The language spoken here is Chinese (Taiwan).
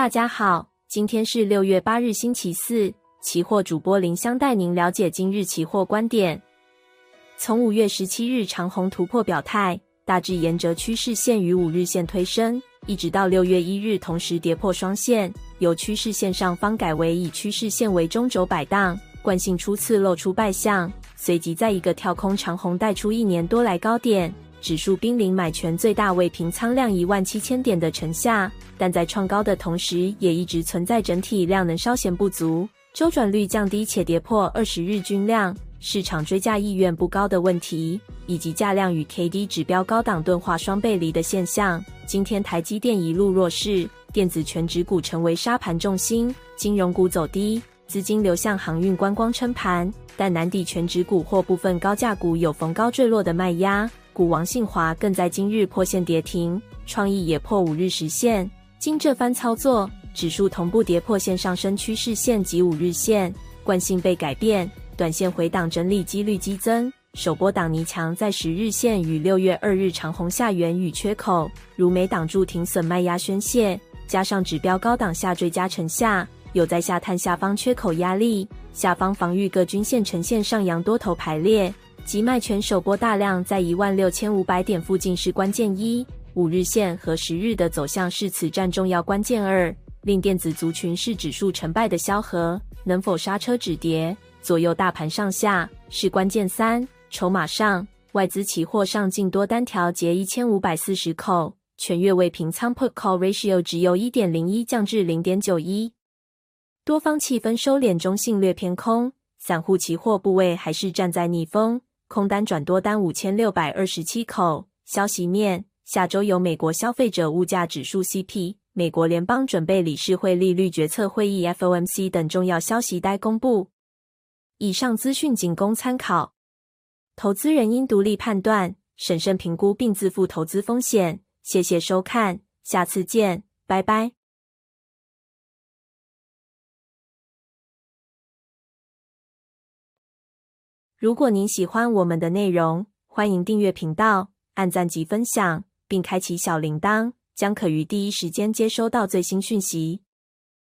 大家好，今天是六月八日，星期四。期貨主播林香帶您了解今日期貨觀點。從五月十七日長紅突破表態，大致沿着趨勢線與五日線推升，一直到六月一日同時跌破雙線，由趨勢線上方改為以趨勢線為中軸擺盪，慣性初次露出敗象，隨即再一個跳空長紅帶出一年多來高點。指數兵臨買權最大未平倉量一萬七千點的城下，但在創高的同時，也一直存在整體量能稍嫌不足、週轉率降低且跌破二十日均量、市場追價意願不高的問題，以及價量與 KD 指標高檔鈍化雙背離的現象。今天台積電一路弱勢，電子權值股成為殺盤重心，金融股走低，資金流向航運觀光撐盤，但難抵權值股或部分高價股有逢高墜落的賣壓。股王信驊更在今日破線跌停，創意也破五日十線。經這番操作，指數同步跌破線上升趨勢線及五日線，慣性被改變，短線回檔整理幾率激增。首波擋泥牆在十日線與六月二日長紅下緣與缺口，如沒擋住停損賣壓宣洩，加上指標高檔下墜加乘下，有再下探下方缺口壓力，下方防禦各均線呈現上揚多頭排列。即賣權首波大量在一萬六千五百點附近是關鍵一，五日線和十日的走向是此戰重要關鍵二，另電子族群是指數成敗的蕭何，能否剎車止跌，左右大盤上下是關鍵三。籌碼上，外資期貨上淨多單調節一千五百四十口，全月未平倉 Put Call Ratio 值由一點零一降至零點九一，多方氣氛收斂，中性略偏空，散戶期貨部位還是站在逆風。空單轉多單五千六百二十七口。消息面，下週有美國消費者物價指數 CPI、美國聯邦準備理事會利率決策會議 FOMC 等重要消息待公布。以上資訊僅供參考，投資人應獨立判斷、審慎評估並自負投資風險。謝謝收看，下次見，拜拜。如果您喜歡我們的內容，歡迎訂閱頻道、按讚及分享，並開啟小鈴鐺，將可於第一時間接收到最新訊息。